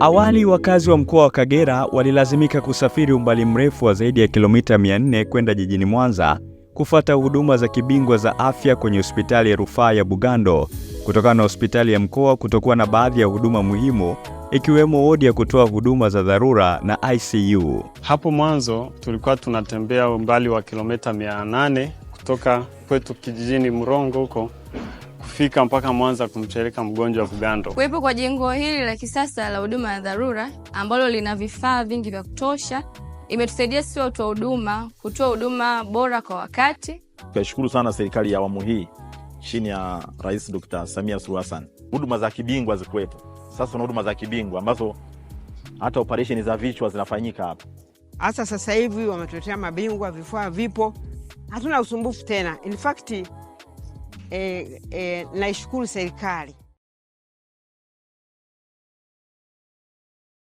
Awali wakazi wa mkoa wa Kagera walilazimika kusafiri umbali mrefu wa zaidi ya kilomita 400 kwenda jijini Mwanza kufata huduma za kibingwa za afya kwenye hospitali ya rufaa ya Bugando kutokana na hospitali ya mkoa kutokuwa na baadhi ya huduma muhimu ikiwemo wodi ya kutoa huduma za dharura na ICU. Hapo mwanzo tulikuwa tunatembea umbali wa kilomita 800 kutoka kwetu kijijini Mrongo huko kufika mpaka Mwanza kumcheleka mgonjwa wa kugando. Kuwepo kwa jengo hili la kisasa la huduma ya dharura ambalo lina vifaa vingi vya kutosha imetusaidia sisi watu wa huduma kutoa huduma bora kwa wakati. Tunashukuru sana serikali ya awamu hii chini ya Rais Dr. Samia Suluhu Hassan, huduma za kibingwa zikuwepo. Sasa na huduma za kibingwa ambazo hata operesheni za vichwa zinafanyika hapa hasa sasa hivi, wametuletea mabingwa, vifaa vipo, hatuna usumbufu tena. In fact na é, na escola